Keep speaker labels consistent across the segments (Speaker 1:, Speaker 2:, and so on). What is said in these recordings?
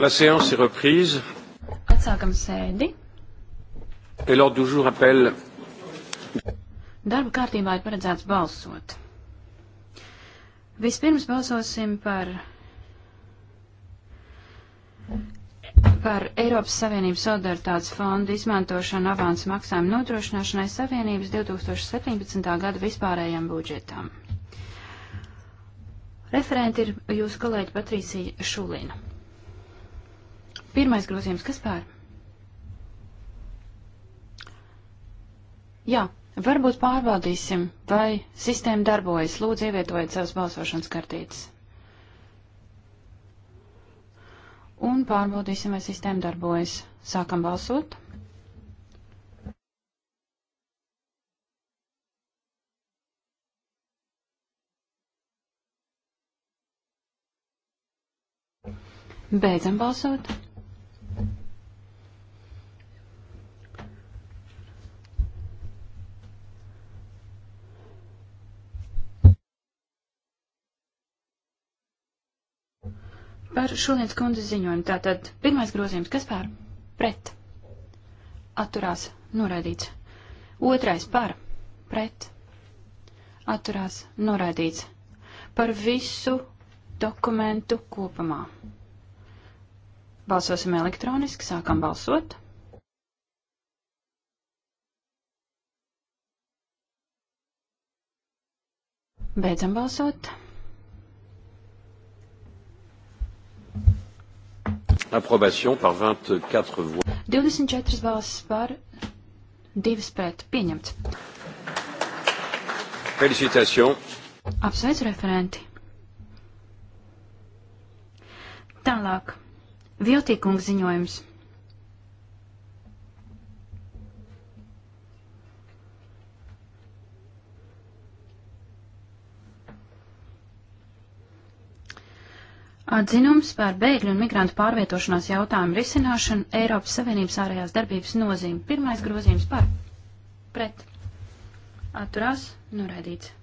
Speaker 1: La séance est reprise.
Speaker 2: Atsākam sēdi.
Speaker 1: Et l'ordre du jour appelle.
Speaker 2: Darba kārtībā ir paredzēts balsot. Vispirms balsosim par, par Eiropas Savienības solidaritātes fondu izmantošanu avansu maksājumu nodrošināšanai Savienības 2017. gada vispārējiem budžetam. Referenti ir jūsu kolēģi Patrīcija Šulina. Pirmais grozījums, kas pār? Jā, varbūt pārbaudīsim, vai sistēma darbojas. Lūdzu, ievietojiet savas balsošanas kartītes. Un pārbaudīsim, vai sistēma darbojas. Sākam balsot. Beidzam balsot. Par šodienas kundzes ziņojumu. Tātad pirmais grozījums, kas pār? Pret. Atturās. Noraidīts. Otrais par. Pret. Atturās. Noraidīts. Par visu dokumentu kopumā. Balsosim elektroniski, sākam balsot. Beidzam balsot.
Speaker 1: Approbation par 24 voix.
Speaker 2: 24 balsis par, 2 pret. Pieņemts.
Speaker 1: Félicitations.
Speaker 2: Apsveicu referenti. Tālāk. Viltīkums ziņojums. Atzinums par bēgļu un migrantu pārvietošanās jautājumu risināšanu Eiropas Savienības ārējās darbības nozīme. Pirmais grozījums par pret. Atturās noraidīts.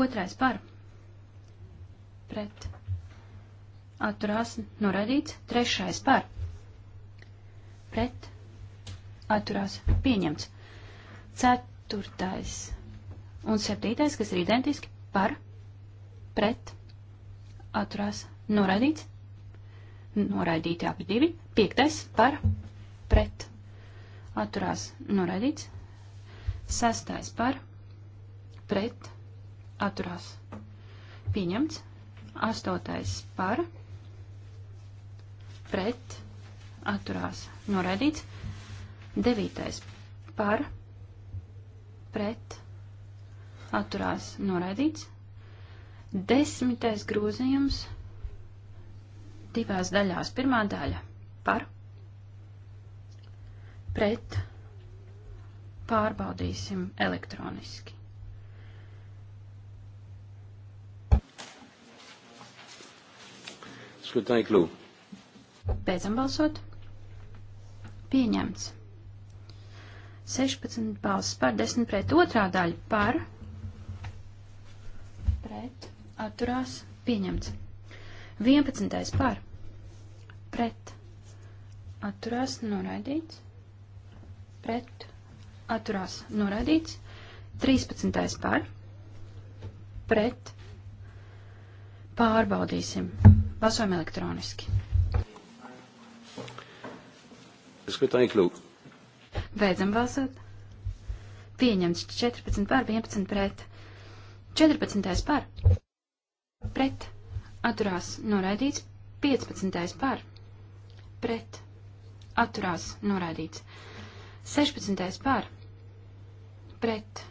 Speaker 2: Otrais par pret. Atturās noraidīts. Trešais par pret. Atturās pieņemts. Ceturtais un septītais, kas ir identiski par pret. Atturās Noraidīts. Noraidīti abi divi. Piektais par pret. Atturās. Noraidīts. Sastais par pret. Atturās. Pieņemts. Astotais par pret. Atturās. Noraidīts. Devītais par pret. Atturās. Noraidīts. Desmitais grozījums divās daļās. Pirmā daļa par pret pārbaudīsim elektroniski. Skatāj klū. Beidzam balsot. Pieņemts. 16 balsts par 10 pret otrā daļa par pret atturās pieņemts. 11. par pret atturās noraidīts. Pret atturās noraidīts. 13. par pret pārbaudīsim. Balsojam elektroniski. Beidzam balsot. Pieņemts 14 par 11 pret. 14. par. Pret atturās noraidīts, 15. par, pret, atturās noraidīts, 16. par, pret,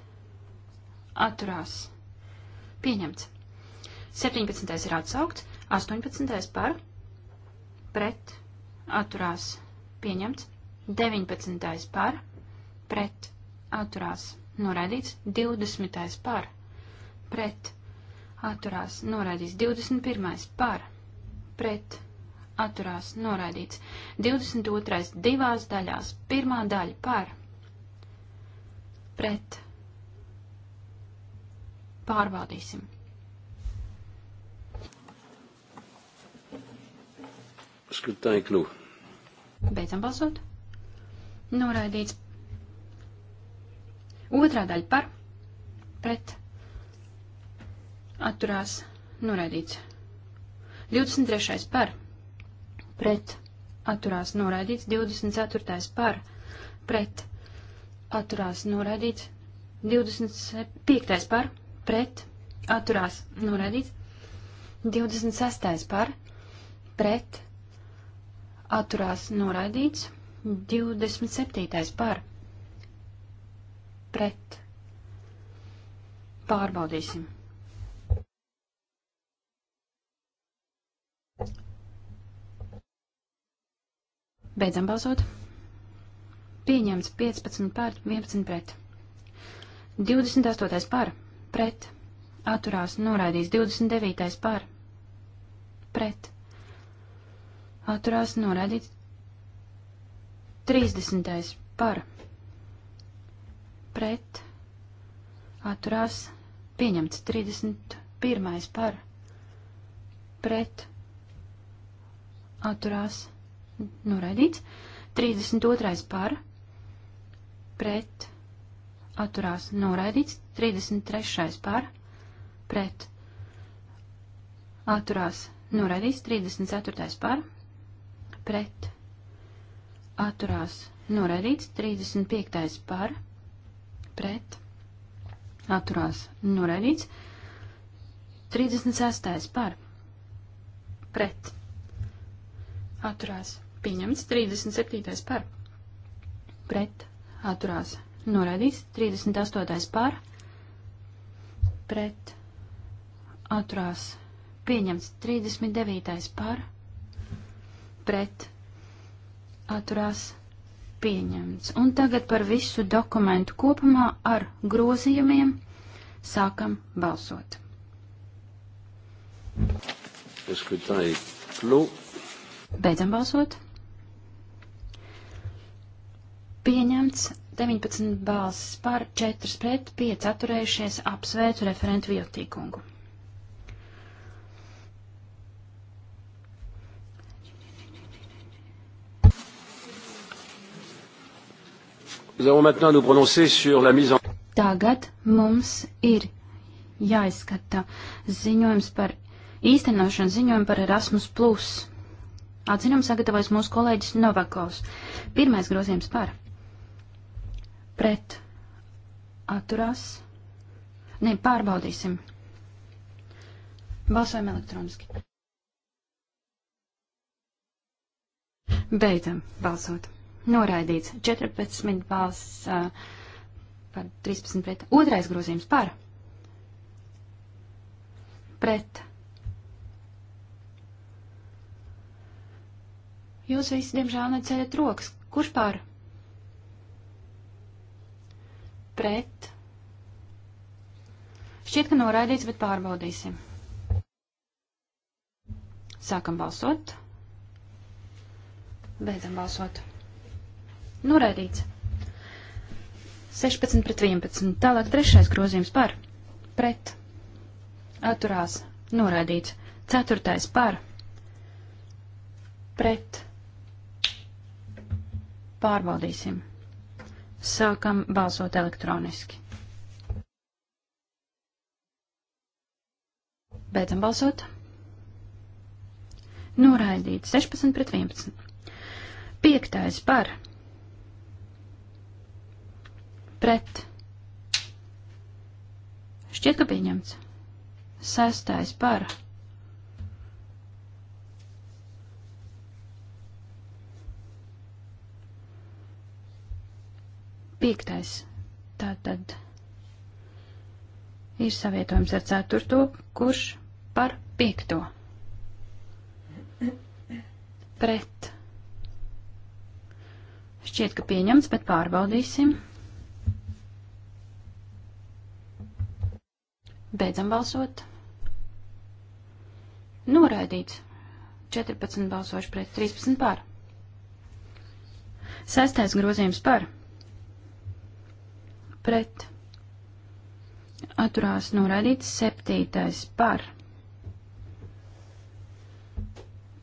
Speaker 2: atturās, pieņemts, 17. ir atsaukts, 18. par, pret, atturās, pieņemts, 19. par, pret, atturās, noraidīts, 20. par, pret, atturās, atturās noraidīts. 21. par pret atturās noraidīts. 22. divās daļās. Pirmā daļa par pret pārbaudīsim.
Speaker 1: Skatāj kļū.
Speaker 2: Beidzam balsot. Noraidīts. Otrā daļa par pret atturās noraidīts. 23. par pret atturās noraidīts. 24. par pret atturās noraidīts. 25. par pret atturās noraidīts. 26. par pret atturās noraidīts. 27. par pret. Pārbaudīsim. Beidzam balsot. Pieņemts 15 pār, 11 pret. 28. pār, pret. Atturās, noraidīts 29. pār, pret. Atturās, noraidīts 30. par, pret. Atturās, pieņemts 31. par, pret. Atturās, noraidīts noraidīts. 32. par, pret, atturās, noraidīts. 33. par, pret, atturās, noraidīts. 34. par, pret, atturās, noraidīts. 35. par, pret, atturās, noraidīts. 36. par, pret, atturās, pieņemts 37. par pret atturās noraidīts 38. par pret atturās pieņemts 39. par pret atturās pieņemts. Un tagad par visu dokumentu kopumā ar grozījumiem sākam balsot. Beidzam balsot. Pieņemts 19 balsis par, 4 pret, 5 atturējušies, apsveicu referentu Viotīkungu. Tagad mums ir jāizskata ziņojums par īstenošanu ziņojumu par Erasmus. Atzinumu sagatavojas mūsu kolēģis Novakovs. Pirmais grozījums par pret atturās. Nē, pārbaudīsim. Balsojam elektroniski. Beidzam balsot. Noraidīts 14 balss uh, par 13 pret. Otrais grozījums par. Pret. Jūs visi, diemžēl, neceļat rokas. Kurš par? pret. Šķiet, ka noraidīts, bet pārbaudīsim. Sākam balsot. Beidzam balsot. Noraidīts. 16 pret 11. Tālāk trešais grozījums par. Pret. Atturās. Noraidīts. Ceturtais par. Pret. Pārbaudīsim. Sākam balsot elektroniski. Beidzam balsot. Noraidīts 16 pret 11. Piektais par. Pret. Šķiet, ka pieņemts. Sestais par. Piektais. Tātad ir savietojums ar ceturto, kurš par piekto. Pret. Šķiet, ka pieņemts, bet pārbaudīsim. Beidzam balsot. Noraidīts. 14 balsoši pret 13 par. Sestais grozījums par pret atturās norādīts septītais par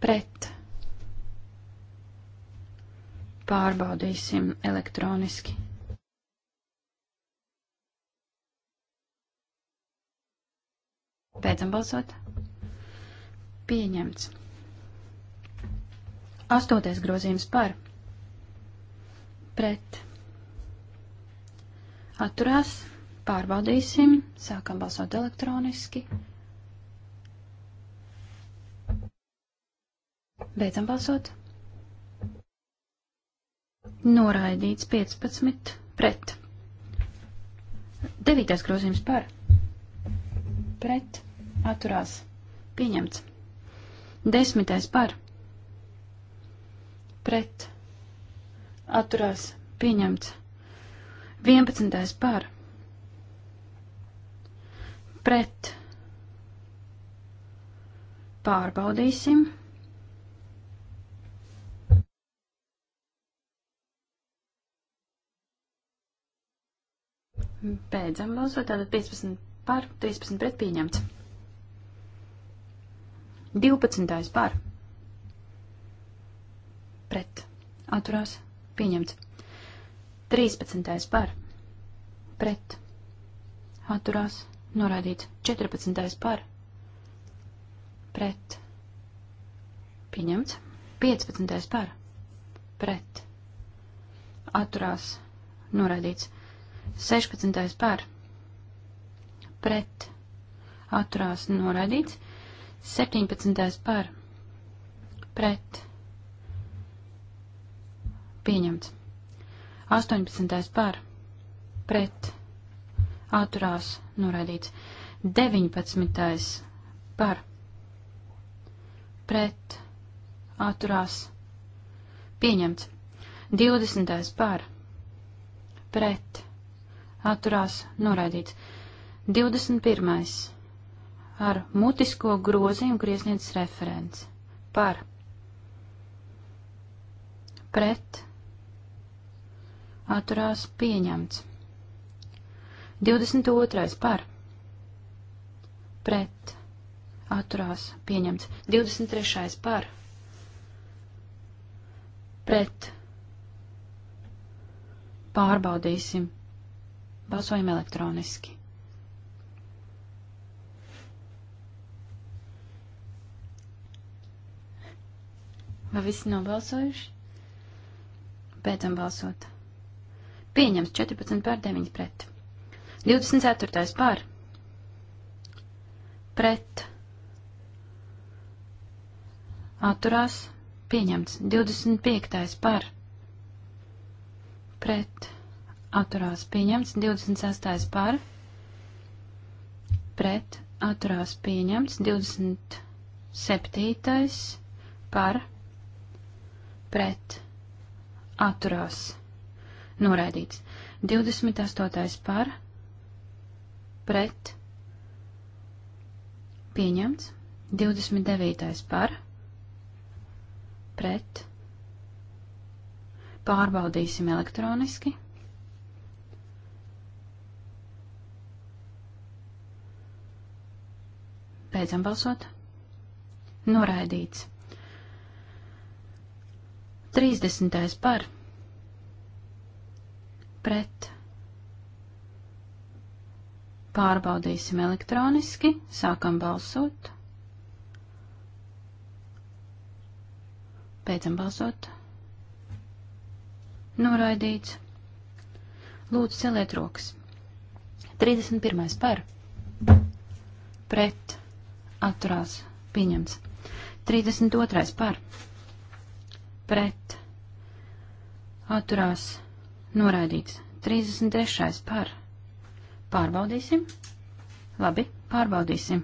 Speaker 2: pret. Pārbaudīsim elektroniski. Beidzam balsot. Pieņemts. Astoties grozījums par. Pret atturās, pārbaudīsim, sākam balsot elektroniski. Beidzam balsot. Noraidīts 15 pret. Devītais grozījums par. Pret. Atturās. Pieņemts. Desmitais par. Pret. Atturās. Pieņemts. 11. par pret pārbaudīsim. Beidzam balsot, tātad 15 par, 13 pret pieņemts. 12. par. Pret. Atturās. Pieņemts. 13. par pret atturās norādīts 14. par pret pieņemts 15. par pret atturās norādīts 16. par pret atturās norādīts 17. par pret pieņemts 18. par pret atturās noraidīts. 19. par pret atturās pieņemts. 20. par pret atturās noraidīts. 21. ar mutisko grozījumu, kur iesniedz referents par pret atturās pieņemts. 22. par pret atturās pieņemts. 23. par pret pārbaudīsim. Balsojam elektroniski. Vai visi nobalsojuši? Beidzam balsot. Pieņems 14 pār 9 pret. 24. pār. Pret. Atturās. Pieņemts. 25. par. Pret. Atturās. Pieņemts. 26. par. Pret. Atturās. Pieņemts. 27. par. Pret. Atturās noraidīts. 28. par, pret, pieņemts. 29. par, pret, pārbaudīsim elektroniski. Beidzam balsot. Noraidīts. 30. par, pret pret. Pārbaudīsim elektroniski, sākam balsot. Beidzam balsot. Noraidīts. Lūdzu, celiet rokas. 31. par. Pret. Atturās. Pieņemts. 32. par. Pret. Atturās. Pieņemts Noraidīts. 33. par. Pārbaudīsim. Labi, pārbaudīsim.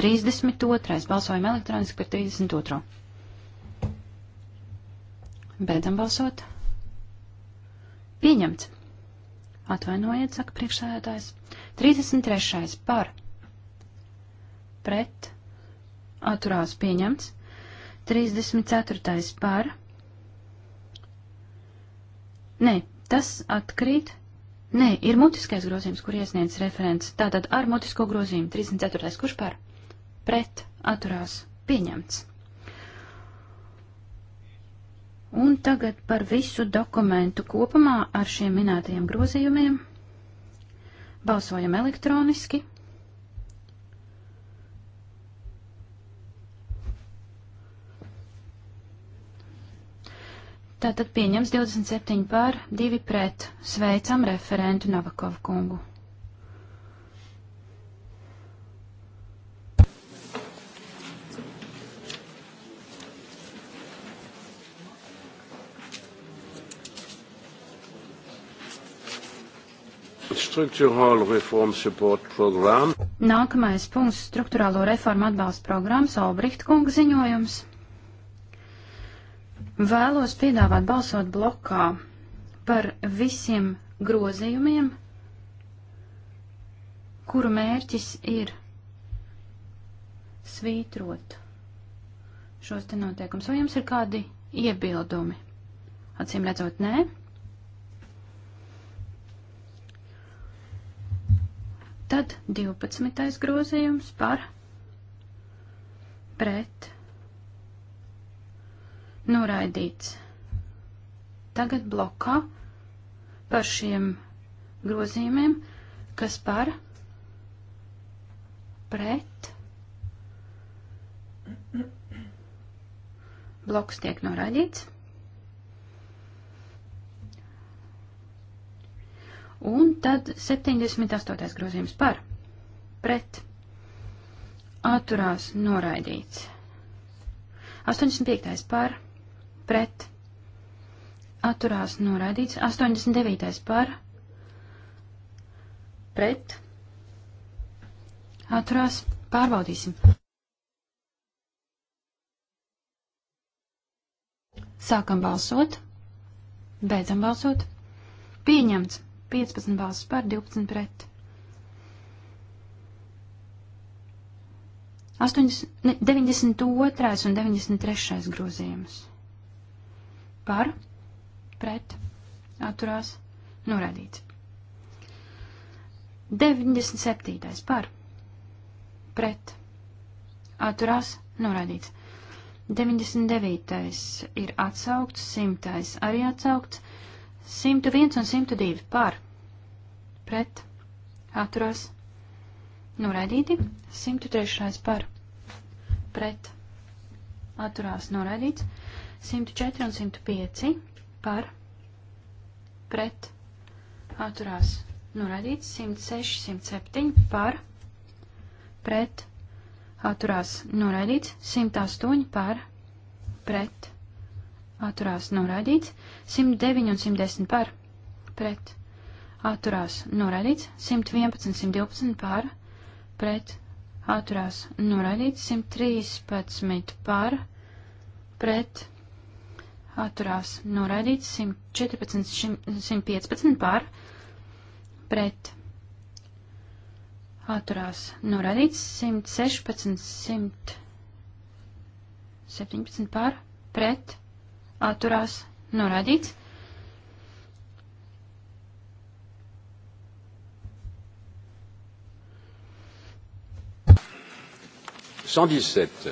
Speaker 2: 32. Balsojam elektroniski par 32. Beidzam balsot. Pieņemts. Atvainojiet, saka priekšsēdētājs. 33. par. Pret. Atturās pieņemts. 34. par. Nē, Tas atkrīt. Nē, ir mutiskais grozījums, kur iesniedz referents. Tātad ar mutisko grozījumu 34. kurš par? Pret atturās pieņemts. Un tagad par visu dokumentu kopumā ar šiem minētajiem grozījumiem. Balsojam elektroniski. Tātad pieņems 27 pār, 2 pret. Sveicam referentu Novakovu kungu.
Speaker 1: Nākamais
Speaker 2: punkts - struktūrālo reformu atbalsta programmas Olbricht kunga ziņojums. Vēlos piedāvāt balsot blokā par visiem grozījumiem, kuru mērķis ir svītrot šos te noteikums. Vai jums ir kādi iebildumi? Acīm redzot, nē. Tad 12. grozījums par pret noraidīts. Tagad blokā par šiem grozījumiem, kas par pret bloks tiek noraidīts. Un tad 78. grozījums par pret atturās noraidīts. 85. par pret atturās noraidīts. 89. par pret atturās pārbaudīsim. Sākam balsot, beidzam balsot. Pieņemts 15 balsis par 12 pret. 80, ne, 92. un 93. grozījums par, pret, atturās, norādīts. 97. par, pret, atturās, norādīts. 99. ir atsaukts, 100. arī atsaukts, 101 un 102 par, pret, atturās, norādīti, 103. par, pret, atturās, norādīts. 104 un 105 par pret atturās norādīts, 106, 107 par pret atturās norādīts, 108 par pret atturās norādīts, 109 un 110 par pret atturās norādīts, 111, 112 par pret atturās norādīts, 113 par pret atturās noraidīts 114, 115 pār, pret atturās noraidīts 116, 117 pār, pret atturās noraidīts. Cent dix-sept.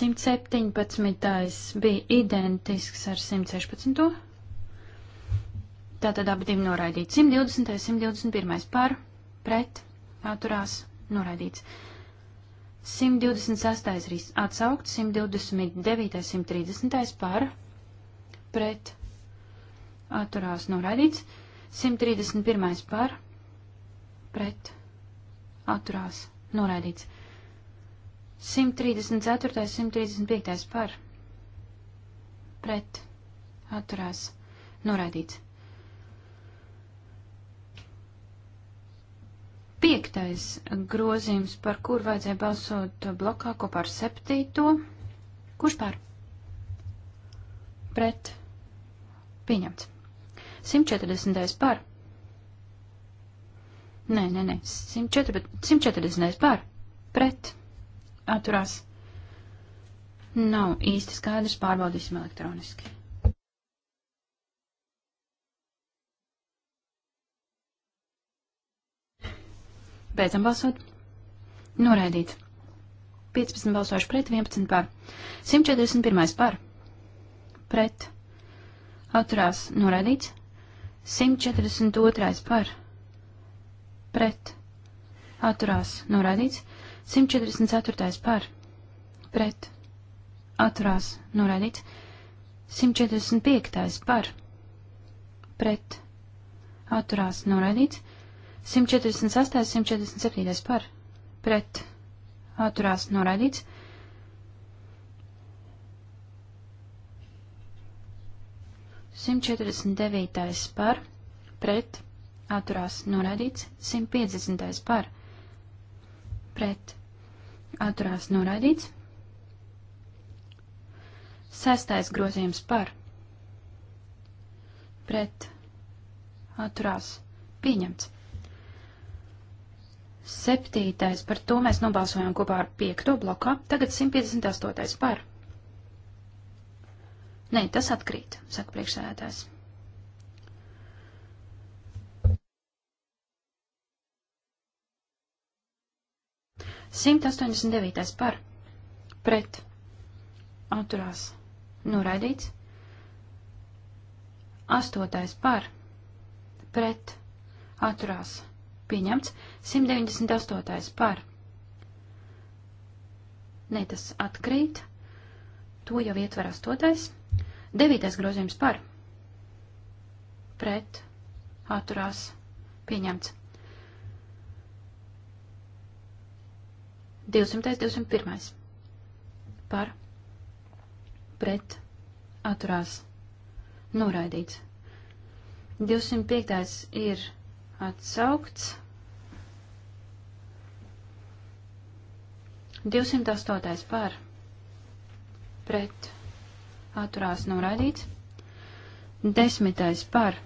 Speaker 2: 117. bija identisks ar 116. Tātad abi divi noraidīti. 120. 121. par, pret, atturās, noraidīts. 126. atsaukt, 129. 130. par, pret, atturās, noraidīts. 131. par, pret, atturās, noraidīts. 134. 135. par pret atturās noraidīts. Piektais grozījums, par kur vajadzēja balsot blokā kopā ar septīto. Kurš pār? Pret. Pieņemts. 140. pār. Nē, nē, nē. 140. pār. Pret atturās. Nav īsti skaidrs, pārbaudīsim elektroniski. Beidzam balsot. Noraidīts. 15 balsojuši pret, 11 par. 141 par. Pret. Atturās. Noraidīts. 142 par. Pret. Atturās. Noraidīts. 144. par, pret, atturās, noraidīts. 145. par, pret, atturās, noraidīts. 148. 147. par, pret, atturās, noraidīts. 149. par, pret, atturās, noraidīts. 150. par, pret pret atturās noraidīts. Sestais grozījums par pret atturās pieņemts. Septītais, par to mēs nobalsojām kopā ar piekto blokā, tagad 158. par. Nē, tas atkrīt, saka priekšsēdētājs. 189. par pret atturās noraidīts. 8. par pret atturās pieņemts. 198. par ne tas atkrīt. To jau ietver 8. 9. grozījums par pret atturās pieņemts. 200. 201. Par. Pret. Atturās. Noraidīts. 205. ir atsaukts. 208. par. Pret. Atturās. Noraidīts. 10. par.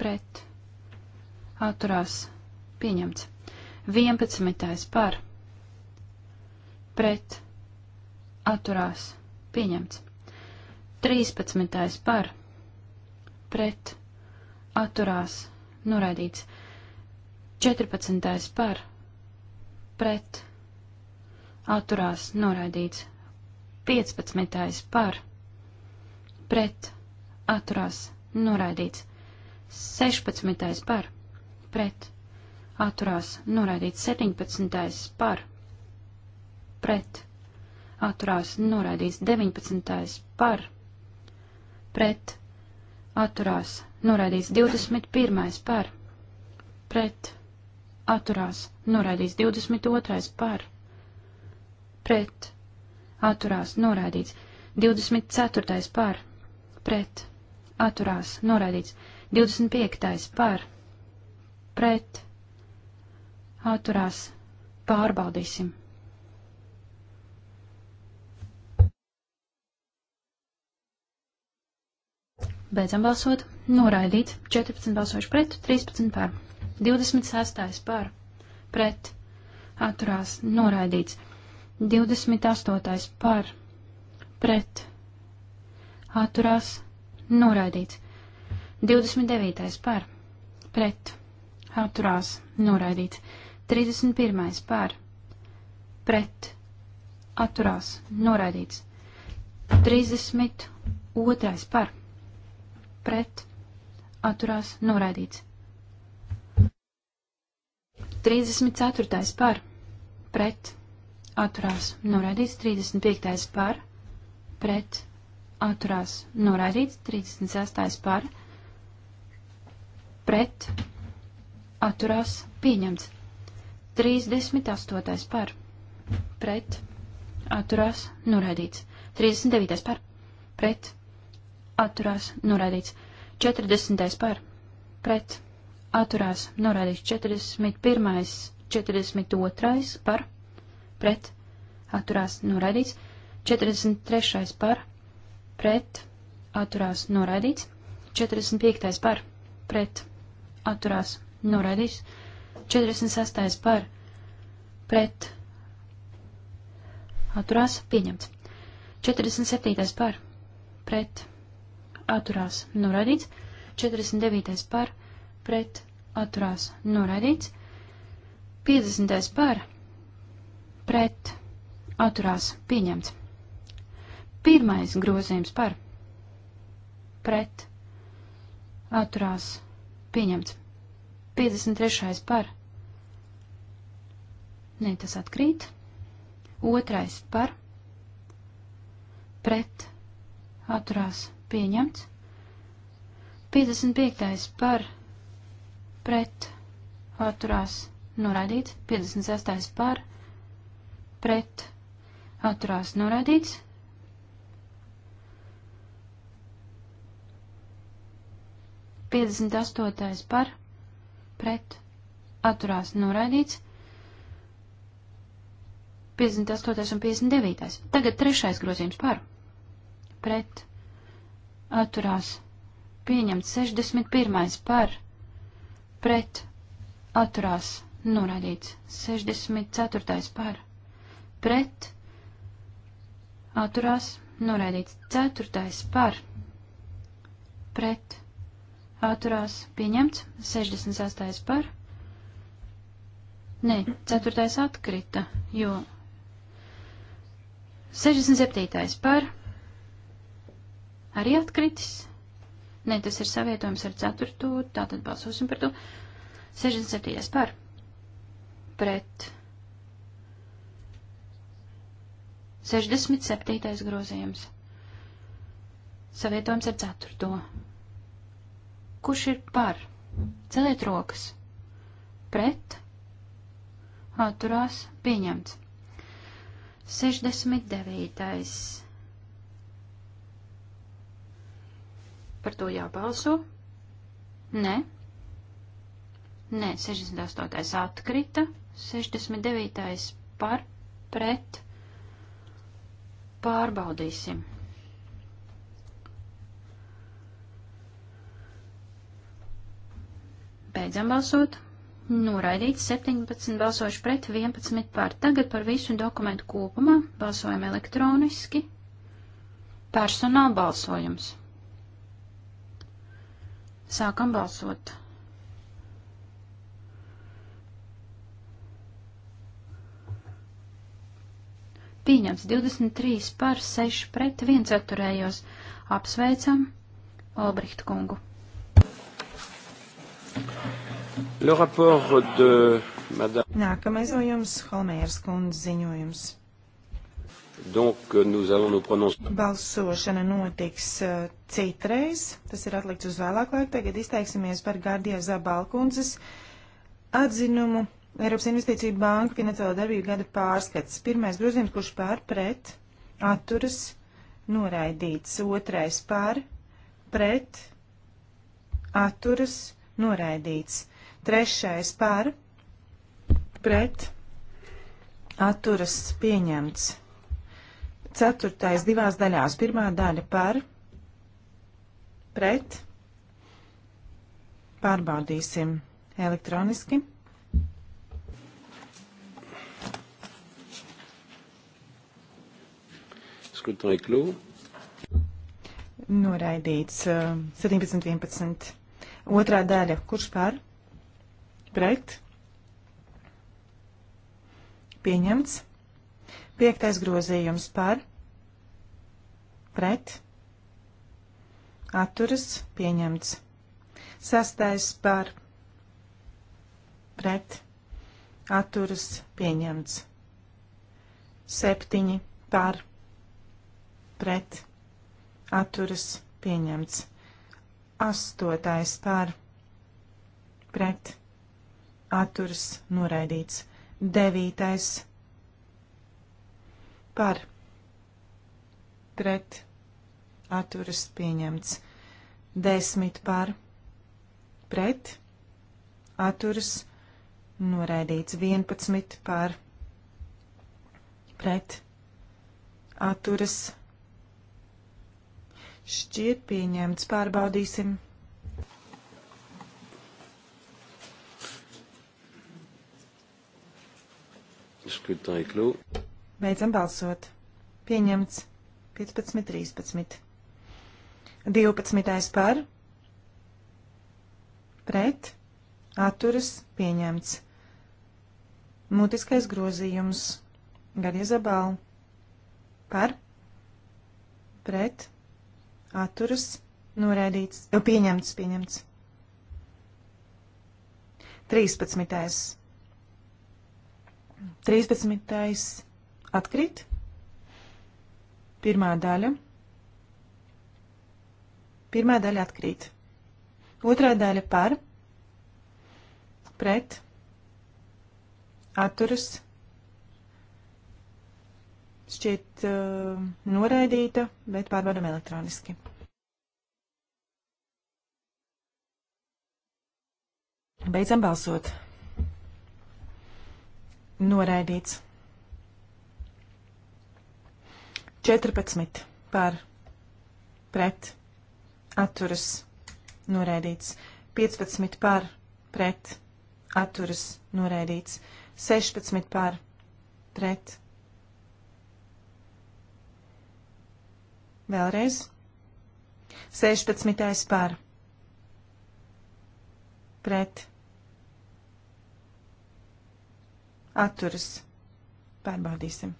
Speaker 2: Pret. Atturās. Pieņemts. 11. par pret atturās pieņemts. 13. par pret atturās noraidīts. 14. par pret atturās noraidīts. 15. par pret atturās noraidīts. 16. par pret atturās noraidīts 17. par, pret, atturās noraidīts 19. par, pret, atturās noraidīts 21. par, pret, atturās noraidīts 22. par, pret, atturās noraidīts 24. par, pret, atturās noraidīts 25. par, pret, atturās, pārbaudīsim. Beidzam balsot, noraidīt, 14 balsojuši pret, 13 pār, 26 pār, pret, atturās, noraidīts, 28 pār, pret, atturās, noraidīts, 29 pār, pret, atturās, noraidīts. 31. par, pret, atturās, noraidīts. 32. par, pret, atturās, noraidīts. 34. par, pret, atturās, noraidīts. 35. par, pret, atturās, noraidīts. 36. par, pret, atturās, pieņemts. 38. par pret atturās norādīts. 39. par pret atturās norādīts. 40. par pret atturās norādīts. 41. 42. par pret atturās norādīts. 43. par pret atturās norādīts. 45. par pret atturās norādīts. 46. par pret atturās pieņemts. 47. par pret atturās noraidīts. 49. par pret atturās noraidīts. 50. par pret atturās pieņemts. Pirmais grozījums par pret atturās pieņemts. 53. par Nē, tas atkrīt. Otrais par pret atturās pieņemts. 55. par pret atturās noraidīts. 56. par pret atturās noraidīts. Piedzimta astotais par pret atturās noraidīts. 58. un 59. Tagad trešais grozījums par. Pret. Atturās. Pieņemts 61. par. Pret. Atturās. Norādīts 64. par. Pret. Atturās. Norādīts 4. par. Pret. Atturās. Pieņemts 68. par. Nē, 4. atkrita, jo 67. par arī atkritis. Nē, tas ir savietojums ar 4. Tātad balsosim par to. 67. par pret 67. grozījums. Savietojums ar 4. Kurš ir par? Celiet rokas. Pret. Atturās. Pieņemts. 69. Par to jābalso? Nē. Nē, 68. atkrita, 69. par pret. Pārbaudīsim. Beidzam balsot. Noraidīts 17 balsojuši pret, 11 pār. Tagad par visu dokumentu kopumā balsojam elektroniski. Personāla balsojums. Sākam balsot. Pieņemts 23 par 6 pret 1 atturējos. Apsveicam Olbrihtu kungu.
Speaker 1: Thank you. Le rapport de madame.
Speaker 3: Nākamais no jums Holmēras kundzes ziņojums.
Speaker 1: Donc, nous allons nous prononcer.
Speaker 3: Balsošana notiks uh, citreiz, tas ir atlikts uz vēlāku laiku. Tagad izteiksimies par Gardie Zabalkundzes atzinumu Eiropas Investīcija Banka finansiālo darbību gada pārskats. Pirmais grozījums, kurš pār pret, atturas, noraidīts. Otrais pār, pret, atturas, noraidīts. Trešais par pret atturas pieņemts. Ceturtais divās daļās. Pirmā daļa par pret. Pārbaudīsim elektroniski.
Speaker 1: Scrutin est clos.
Speaker 3: Noraidīts uh, 17.11. Otrā daļa. Kurš par? pret pieņemts. Piektais grozījums par pret atturas pieņemts. Sastais par pret atturas pieņemts. Septiņi par pret atturas pieņemts. Astotais par pret atturas pieņemts atturas noraidīts. Devītais par pret atturas pieņemts. Desmit par pret atturas noraidīts. Vienpadsmit par pret atturas. Šķiet pieņemts, pārbaudīsim.
Speaker 1: Skatāj kļūt.
Speaker 3: Beidzam balsot. Pieņemts 15, 13. 12. par. Pret. Atturas pieņemts. Mutiskais grozījums. Garie zabāli. Par. Pret. Atturas. Noraidīts. Pieņemts, pieņemts. 13. 13. atkrīt. Pirmā daļa. Pirmā daļa atkrīt. Otrā daļa par, pret, atturas, šķiet uh, noraidīta, bet pārbaudam elektroniski. Beidzam balsot. Noraidīts. 14 par pret atturas noraidīts. 15 par pret atturas noraidīts. 16 par pret. Vēlreiz. 16 par pret atturas. Pārbaudīsim.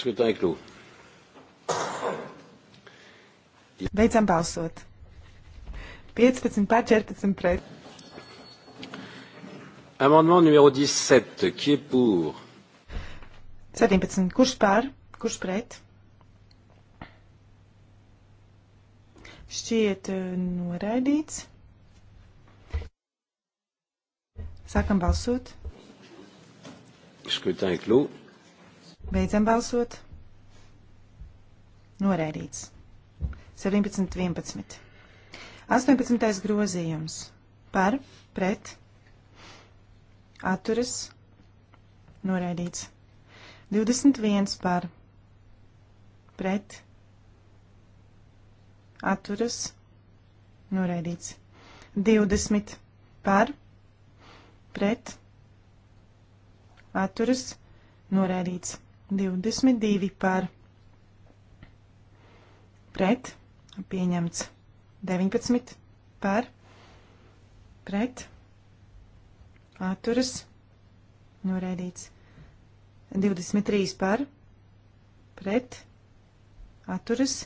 Speaker 3: Skatāju. Beidzam balsot. 15 pār 14 pret.
Speaker 1: Amendement numéro 17, qui est pour?
Speaker 3: 17. Kurš pār? Kurš pret? Šķiet eh, noraidīts. Sākam balsot. Skatāj, klū. Beidzam balsot. Noraidīts. 17, 11. 18. grozījums. Par, pret, atturas, noraidīts. 21 par, pret, atturas, noraidīts. 20 par, pret atturas noraidīts. 22 par pret pieņemts. 19 par pret atturas noraidīts. 23 par pret atturas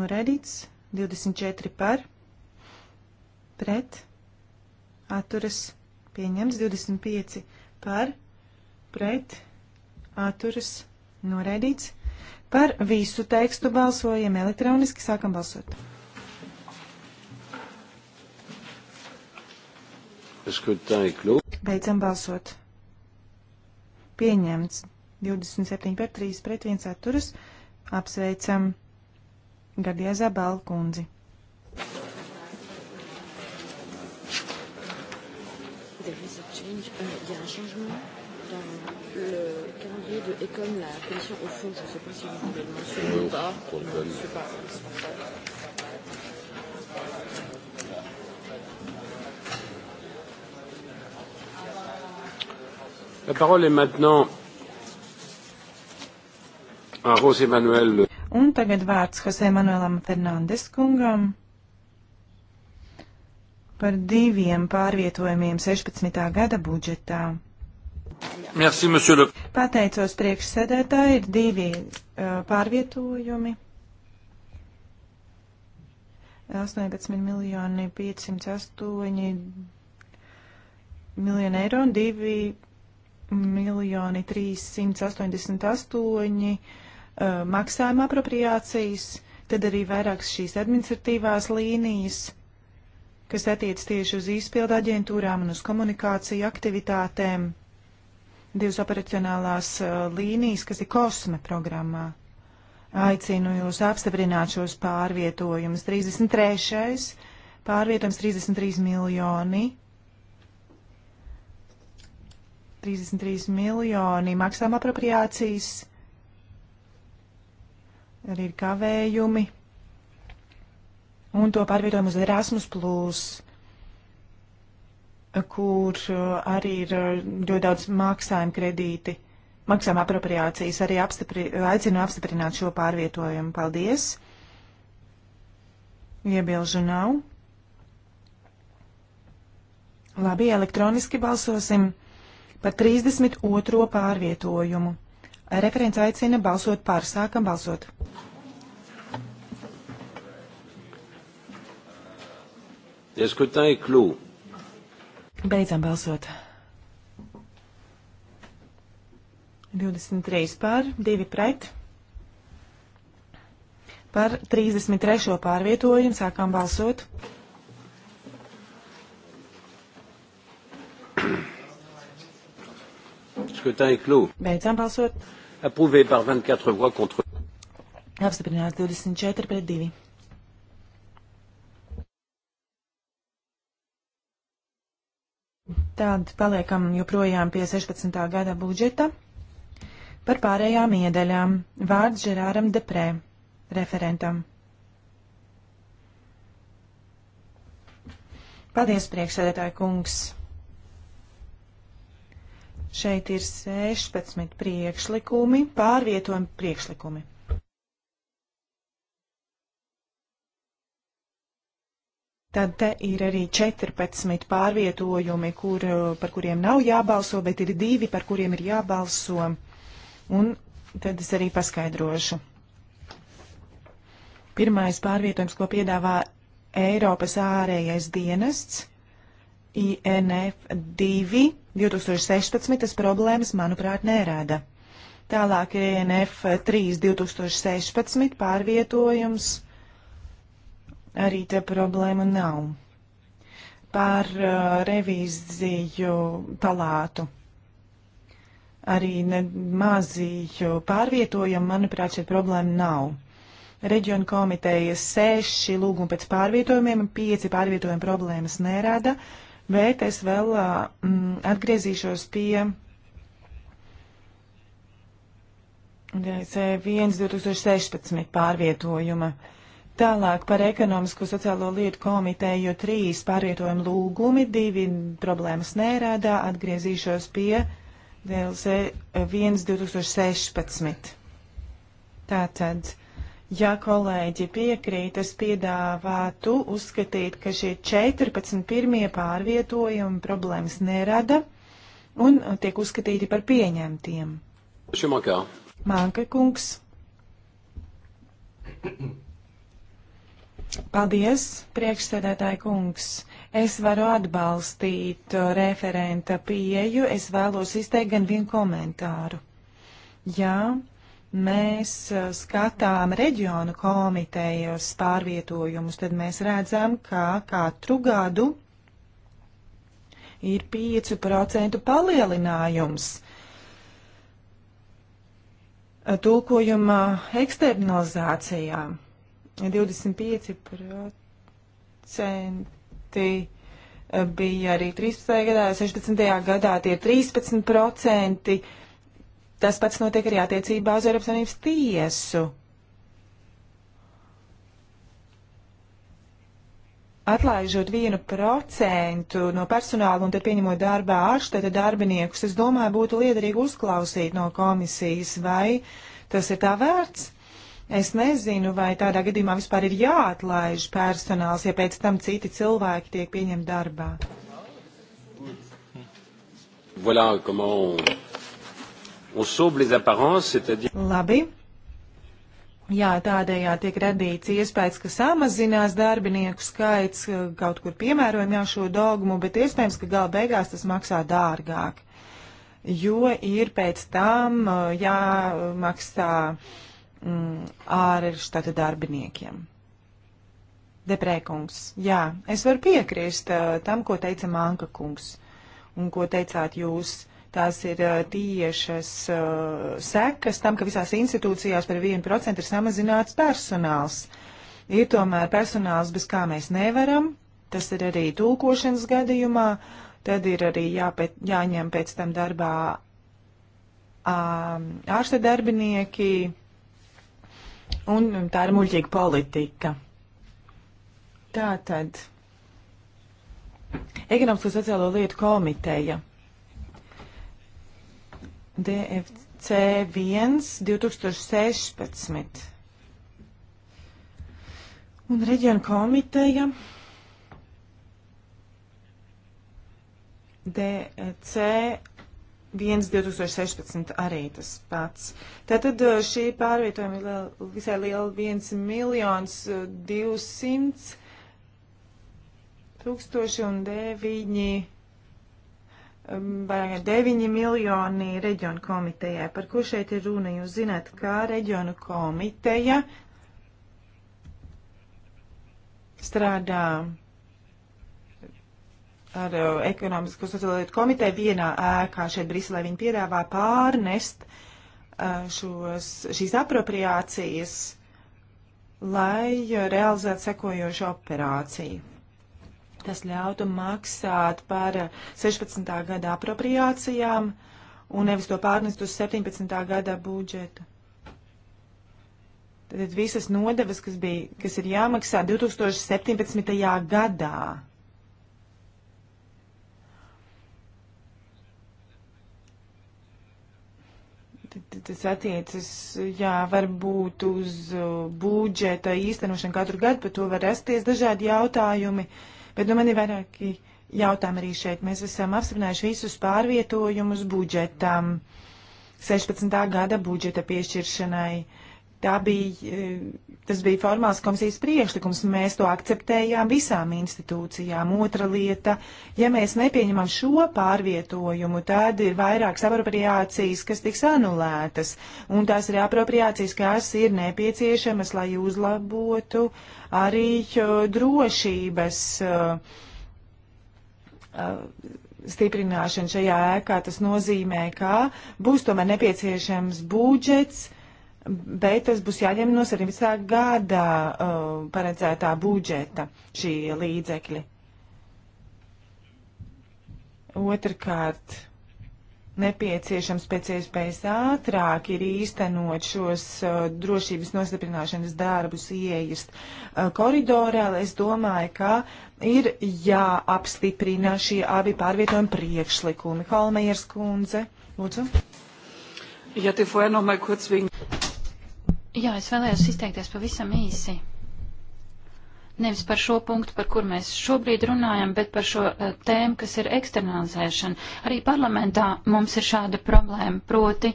Speaker 3: noraidīts. 24 par pret atturas noraidīts pieņemts 25 par pret atturas noraidīts. Par visu tekstu balsojam elektroniski, sākam balsot. Beidzam balsot. Pieņemts 27 par 3 pret 1 atturas. Apsveicam Gadījā Zabalkundzi.
Speaker 2: change, euh, il y a un changement dans le calendrier de ECOM, la commission au fond, je ne sais pas si vous pouvez le mentionner oui, ou pas. Pour non, je ne sais pas.
Speaker 1: La parole est maintenant à José Manuel.
Speaker 3: Un tagad vārds José Manuelam Fernandes kungam par diviem pārvietojumiem 16. gada budžetā.
Speaker 1: Merci, le...
Speaker 3: Pateicos priekšsēdētāji, ir divi uh, pārvietojumi. 18 miljoni 508 miljoni eiro un 2 miljoni 388 uh, maksājuma apropriācijas, tad arī vairākas šīs administratīvās līnijas kas attiec tieši uz izpildu aģentūrām un uz komunikāciju aktivitātēm. Divas operacionālās uh, līnijas, kas ir kosme programmā. Aicinu jūs apstiprināt šos pārvietojumus. 33. pārvietojums 33 miljoni. 33 miljoni maksām apropriācijas. Arī ir kavējumi un to pārvietojam uz Erasmus, plus, kur uh, arī ir uh, ļoti daudz maksājuma kredīti, maksājuma apropriācijas. Arī apstipri, aicinu apstiprināt šo pārvietojumu. Paldies! Iebilžu nav. Labi, elektroniski balsosim par 32. pārvietojumu. Referents aicina balsot pār. Sākam balsot.
Speaker 1: Le scrutin est clos.
Speaker 3: Beidzam balsot. 23 pār, 2 pret. Par 33. pārvietojumu sākām balsot.
Speaker 1: Scrutin est clos. Beidzam balsot. Approuvé par 24 voix contre.
Speaker 3: Apstiprināts 24 pret 2. Tad paliekam joprojām pie 16. gada budžeta. Par pārējām iedaļām vārds Žerāram Deprē, referentam. Paldies, priekšsēdētāji kungs! Šeit ir 16 priekšlikumi, pārvietojumi priekšlikumi. Tad te ir arī 14 pārvietojumi, kur, par kuriem nav jābalso, bet ir divi, par kuriem ir jābalso. Un tad es arī paskaidrošu. Pirmais pārvietojums, ko piedāvā Eiropas ārējais dienests, INF 2 2016, tas problēmas, manuprāt, nerāda. Tālāk ir INF 3 2016 pārvietojums arī te problēma nav. Par uh, revīziju palātu. Arī mazīgi pārvietojam, manuprāt, šeit problēma nav. Reģiona komiteja seši lūgumi pēc pārvietojumiem, pieci pārvietojumi problēmas nerada, bet es vēl uh, mm, atgriezīšos pie C1 2016 pārvietojuma. Uh, Tālāk par ekonomisko sociālo lietu komiteju trīs pārvietojumu lūgumi, divi problēmas nērādā, atgriezīšos pie DLC 1 2016. Tātad, ja kolēģi piekrīt, es piedāvātu uzskatīt, ka šie 14 pirmie pārvietojumi problēmas nerada un tiek uzskatīti par pieņemtiem. Šimakā. Manka kungs. Paldies, priekšsēdētāji kungs. Es varu atbalstīt uh, referenta pieeju. Es vēlos izteikt gan vienu komentāru. Jā, mēs uh, skatām reģionu komitejas pārvietojumus, tad mēs redzam, ka katru gadu ir 5% palielinājums tulkojuma eksternalizācijām. 25% eh, bija arī 13. gadā, 16. gadā tie 13%. Tas pats notiek arī attiecībā uz Eiropas Savienības tiesu. Atlaižot vienu procentu no personāla un tad pieņemot darbā āršteta darbiniekus, es domāju, būtu liederīgi uzklausīt no komisijas, vai tas ir tā vērts Es nezinu, vai tādā gadījumā vispār ir jāatlaiž personāls, ja pēc tam citi cilvēki tiek pieņemti darbā.
Speaker 1: Voilà, on, on
Speaker 3: Labi. Jā, tādējā tiek radīts iespējas, ka samazinās darbinieku skaits, kaut kur piemērojam jau šo dogmu, bet iespējams, ka gala beigās tas maksā dārgāk, jo ir pēc tam jāmaksā. Uh, mm, ārštata darbiniekiem. Deprēkungs, jā, es varu piekrist uh, tam, ko teica Manka kungs un ko teicāt jūs. Tās ir uh, tiešas uh, sekas tam, ka visās institūcijās par 1% ir samazināts personāls. Ir tomēr personāls, bez kā mēs nevaram, tas ir arī tulkošanas gadījumā, tad ir arī jāpēc, jāņem pēc tam darbā um, ārsta darbinieki, Un tā ir muļķīga politika. Tā tad. Ekonomisko sociālo lietu komiteja. DFC1 2016. Un reģiona komiteja. DC viens 2016 arī tas pats. Tātad šī pārvietojuma ir liela, visai liela 1 miljons 200 tūkstoši un 9, vairāk 9 miljoni reģionu komitejai. Par ko šeit ir runa? Jūs zināt, kā reģionu komiteja strādā ar uh, ekonomisko sociālo lietu komiteju vienā ēkā šeit Briselē. Viņi piedāvā pārnest uh, šos, šīs apropriācijas, lai uh, realizētu sekojošu operāciju. Tas ļautu maksāt par 16. gada apropriācijām un nevis to pārnest uz 17. gada budžetu. Tad visas nodevas, kas, bija, kas ir jāmaksā 2017. gadā tas attiecas, jā, varbūt uz uh, budžeta īstenošanu katru gadu, par to var rasties dažādi jautājumi, bet nu, man ir vairāki jautājumi arī šeit. Mēs esam apstiprinājuši visus pārvietojumus budžetam, 16. gada budžeta piešķiršanai. Uh, Tā bija, e, tas bija formāls komisijas priekšlikums, un mēs to akceptējām visām institūcijām. Otra lieta, ja mēs nepieņemam šo pārvietojumu, tad ir vairākas apropriācijas, kas tiks anulētas, un tās ir apropriācijas, kas ir nepieciešamas, lai uzlabotu arī e, drošības. Uh, e, Stiprināšana šajā ēkā tas nozīmē, ka būs tomēr nepieciešams budžets, uh, bet tas būs jāņem no 17. gada uh, paredzētā budžeta šī līdzekļi. Otrkārt, nepieciešams pēc iespējas ātrāk ir īstenot šos uh, drošības nostiprināšanas darbus ieejas uh, koridorā. Es domāju, ka ir jāapstiprina šie abi pārvietojumi priekšlikumi. Halmejers kundze, lūdzu. Ja, te vorher noch mal kurz wegen
Speaker 2: Jā, es vēlējos izteikties pavisam īsi. Nevis par šo punktu, par kur mēs šobrīd runājam, bet par šo uh, tēmu, kas ir eksternalizēšana. Arī parlamentā mums ir šāda problēma, proti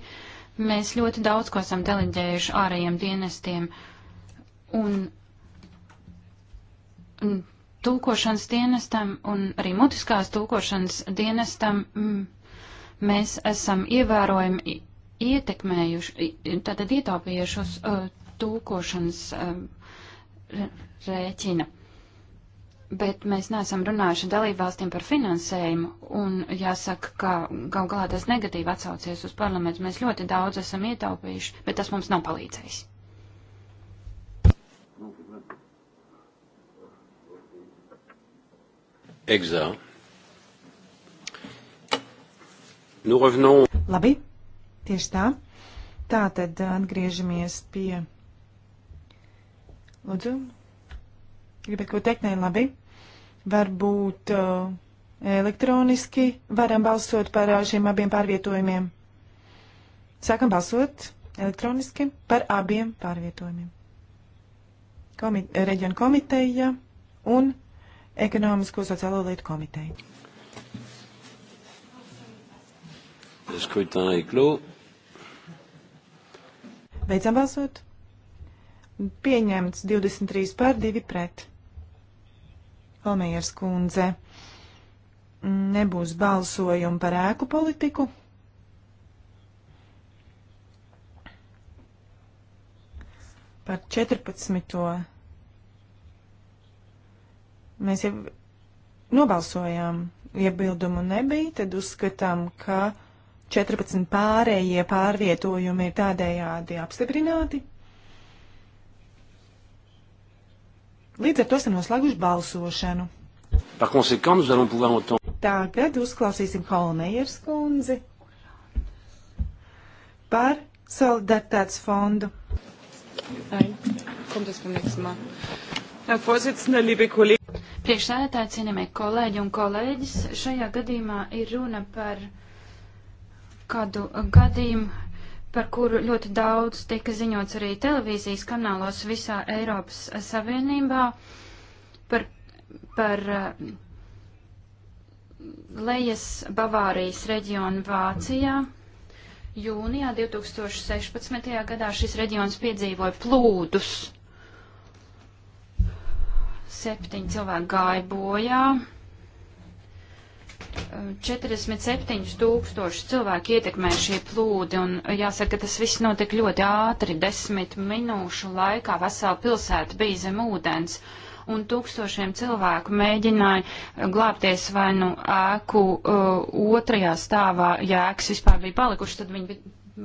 Speaker 2: mēs ļoti daudz ko esam deleģējuši ārējiem dienestiem. Un, un tulkošanas dienestam un arī mutiskās tulkošanas dienestam mm, mēs esam ievērojami ietekmējuši, tātad ietaupījuši uz uh, tūkošanas uh, rēķina. Bet mēs neesam runājuši dalībvalstīm par finansējumu, un jāsaka, ka gal galā tas negatīvi atsaucies uz parlamentu. Mēs ļoti daudz esam ietaupījuši, bet tas mums nav palīdzējis. Exact.
Speaker 1: Nous revenons.
Speaker 3: Labi, Tieši tā. Tā tad uh, atgriežamies pie. Lūdzu, gribat ko teikt? Nē, labi. Varbūt uh, elektroniski varam balsot par uh, šiem abiem pārvietojumiem. Sākam balsot elektroniski par abiem pārvietojumiem. Komit reģionu komiteja un ekonomisko sociālo lietu komiteja.
Speaker 1: Skaitā ir klūč.
Speaker 3: Beidzam balsot. Pieņemts 23 pār 2 pret. Holmējers kundze. Nebūs balsojumu par ēku politiku. Par 14. Mēs jau nobalsojām. Iebildumu nebija, tad uzskatām, ka 14 pārējie pārvietojumi ir tādējādi apstiprināti. Līdz ar to esam noslēguši balsošanu. Tagad uzklausīsim Holmejers kundzi par solidaritātes fondu. Ai, Herr Vorsitzender, liebe Kollegen.
Speaker 2: Priekšsēdētāji, cienījamie kolēģi un kolēģis, šajā gadījumā ir runa par kādu uh, gadījumu, par kuru ļoti daudz tika ziņots arī televīzijas kanālos visā Eiropas uh, Savienībā, par, par uh, lejas Bavārijas reģionu Vācijā. Jūnijā 2016. gadā šis reģions piedzīvoja plūdus. Septiņi cilvēki gāja bojā. 47 eh, tūkstoši cilvēku ietekmē šie plūdi, un jāsaka, ka tas viss notika ļoti ātri, desmit minūšu laikā vesela pilsēta bija zem ūdens, un tūkstošiem cilvēku mēģināja eh, glābties vai nu ēku uh, otrajā stāvā, ja ēkas vispār bija palikušas, tad viņi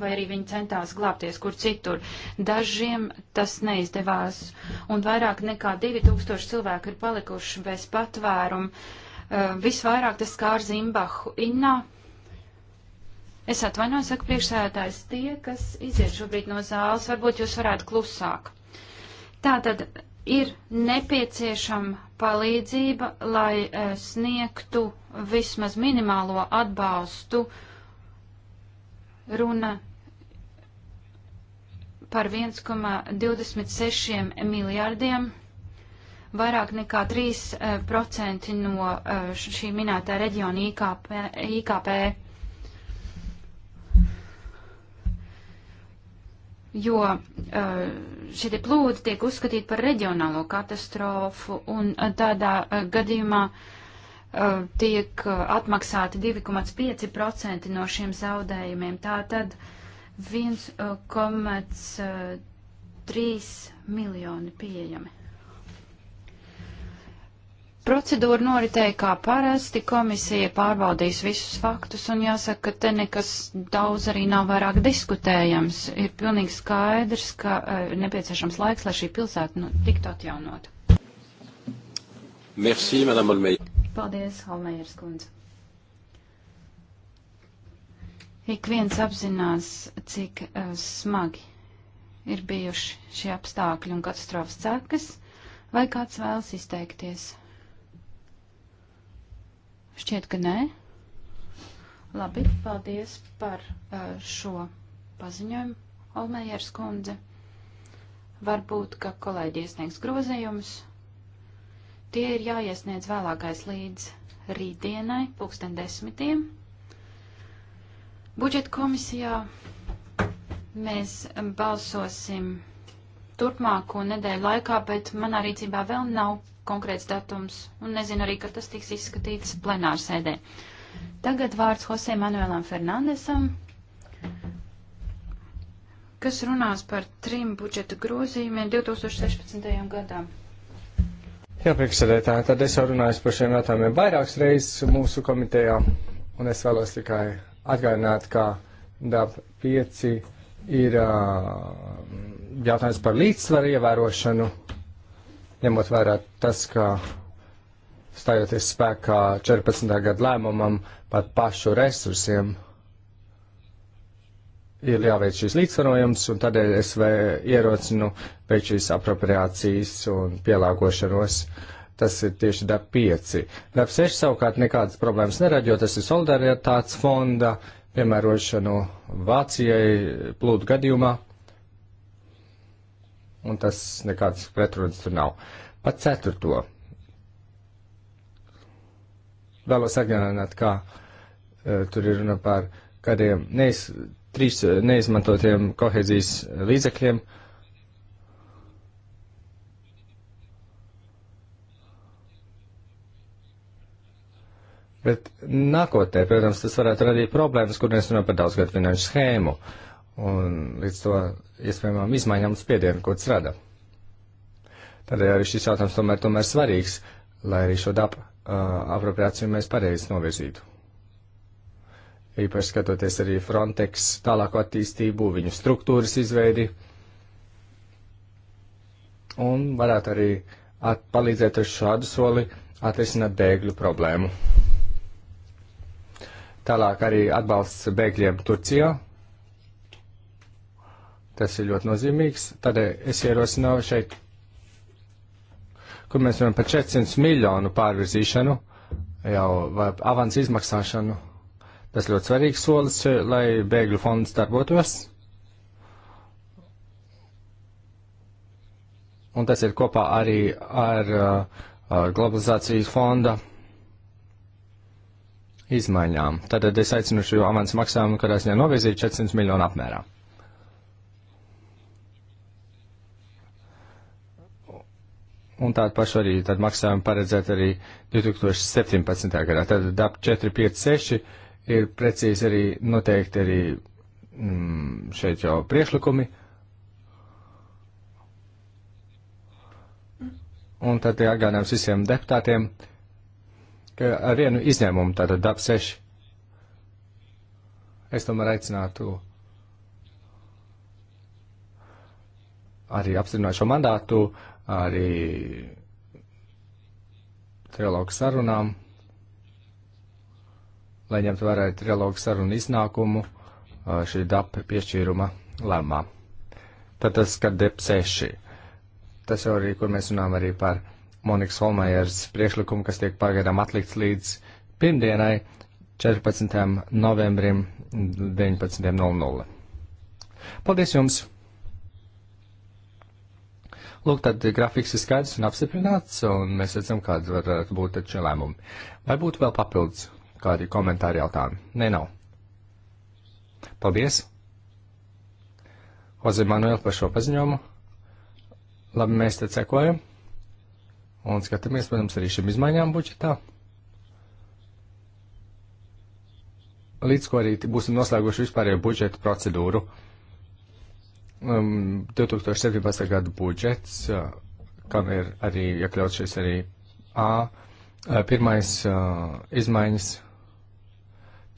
Speaker 2: vai arī viņi centās glābties kur citur. Dažiem tas neizdevās, un vairāk nekā 2000 cilvēku ir palikuši bez patvērumu Eh, visvairāk tas skār Zimbahu. Inna, es atvainojos, saka priekšsēdētājs, tie, kas iziet šobrīd no zāles, varbūt jūs varētu klusāk. Tātad ir nepieciešama palīdzība, lai uh, sniegtu vismaz minimālo atbalstu. Runa par 1,26 miljārdiem Vairāk nekā 3% eh, no eh, šī minētā reģiona IKP. IKP. Jo eh, šie plūdi tiek uzskatīti par reģionālo katastrofu, un tādā gadījumā tiek atmaksāti 2,5% no šiem zaudējumiem. Tātad 1,3 miljoni pieejami. Procedūra noritēja kā parasti, komisija pārbaudīs visus faktus, un jāsaka, ka te nekas daudz arī nav vairāk diskutējams. Ir pilnīgi skaidrs, ka uh, nepieciešams laiks, lai šī pilsēta nu, tiktu atjaunot.
Speaker 1: Merci, Madame Olmeja.
Speaker 2: Paldies, Holmejers kundze. Ik viens apzinās, cik uh, smagi ir bijuši šie apstākļi un katastrofas cekas, vai kāds vēlas izteikties. Šķiet, ka nē. Labi, paldies par uh, šo paziņojumu, Olmējers kundze. Varbūt, ka kolēģi iesniegs grozījumus. Tie ir jāiesniedz vēlākais līdz rītdienai, pulksten desmitiem. Budžeta komisijā mēs balsosim turpmāko nedēļu laikā, bet manā rīcībā vēl nav konkrēts datums un nezinu arī, kad tas tiks izskatīts plenārsēdē. Tagad vārds Jose Manuēlam Fernandesam, kas runās par trim budžeta grozījumiem 2016. gadam.
Speaker 1: Jā, priekšsēdētāji, tad es jau runāju par šiem jautājumiem vairākas reizes mūsu komitejā, un es vēlos tikai atgādināt, ka DAP 5 ir uh, jautājums par līdzsvaru ievērošanu, ņemot vērā tas, ka stājoties spēkā 14. gadu lēmumam par pašu resursiem, ir jāveic šīs līdzsvarojums, un tādēļ es ierocinu veikt šīs apropriācijas un pielāgošanos. Tas ir tieši DAP 5. DAP 6 savukārt nekādas problēmas nerad, jo tas ir solidaritātes fonda piemērošanu Vācijai plūdu gadījumā un tas nekāds pretrunas tur nav. Pat ceturto vēlos atgādināt, kā uh, e, tur ir runa par kādiem neiz, trīs e, neizmantotiem kohēzijas līdzekļiem. Bet nākotnē, protams, tas varētu radīt problēmas, kur mēs runājam par daudzgadu finanšu schēmu. Uh, un līdz to iespējamām izmaiņām spiedienu, ko tas rada. Tādēļ arī šis jautājums tomēr, tomēr svarīgs, lai arī šo dabu uh, apropriāciju mēs pareizi novirzītu. Īpaši skatoties arī Frontex tālāko attīstību, viņu struktūras izveidi, un varētu arī palīdzēt ar šādu soli atrisināt bēgļu problēmu. Tālāk arī atbalsts bēgļiem Turcijā Tas ir ļoti nozīmīgs. Tādēļ es ierosināju šeit, kur mēs runājam par 400 miljonu pārvirzīšanu, jau avans izmaksāšanu. Tas ļoti svarīgs solis, lai bēgļu fonds darbotos. Un tas ir kopā arī ar uh, globalizācijas fonda izmaiņām. Tātad es aicinu šo avans maksājumu, kad es nevienu novirzīt 400 miljonu apmērā. un tādu pašu arī tad maksājumu paredzēt arī 2017. gadā. Tad DAP 456 ir precīzi arī noteikti arī mm, šeit jau priešlikumi. Un tad jāgādājums visiem deputātiem, ka ar vienu izņēmumu, tātad DAP 6, es tomēr aicinātu arī apstiprināt šo mandātu, uh, arī trilogu sarunām, lai ņemtu vērā trilogu sarunu iznākumu šī DAP piešķīruma lēmā. Tad tas, kad DEP 6. Tas jau arī, kur mēs runājam arī par Monikas Holmajers priekšlikumu, kas tiek pagaidām atlikts līdz pirmdienai, 14. novembrim 19.00. Paldies jums! Lūk, tad grafiks ir skaidrs un apstiprināts, un mēs redzam, kāda varētu eh, būt šie lēmumi. Vai būtu vēl papildus kādi komentāri jautājumi? Nē, nav. Paldies! Ozi Manuēl par šo paziņojumu. Labi, mēs te cekojam un skatāmies, protams, arī šim izmaiņām budžetā. Līdz ko arī būsim noslēguši vispārējo budžetu procedūru. Um, 2017. gada budžets, uh, kam ir arī iekļauts šis arī A, uh, pirmais uh, izmaiņas.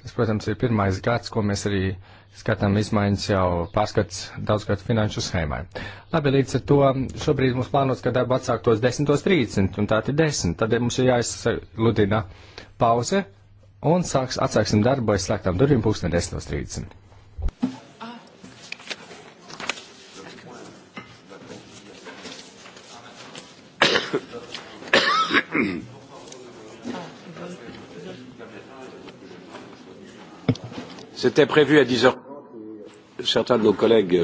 Speaker 1: Tas, protams, ir pirmais gads, ko mēs arī skatām izmaiņas jau pārskats daudzgadu finanšu schēmai. Labi, līdz ar to šobrīd mums plānots, ka darba atsāktos 10.30 un tā ir 10. Tad mums ir jāizsludina pauze un sāks, atsāksim darbu aiz slēgtām durvīm pulksten 10.30. C'était prévu à 10h. Certains de nos collègues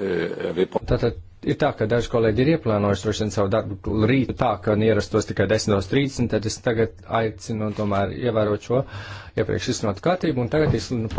Speaker 1: euh, avaient. Tātad ir tā, ka daži kolēģi ir ieplānojuši droši vien savu darbu rītu tā, ka ierastos tikai 10.30, tad es tagad aicinu tomēr ievērot šo iepriekš izsnotu kārtību un tagad izsludinu.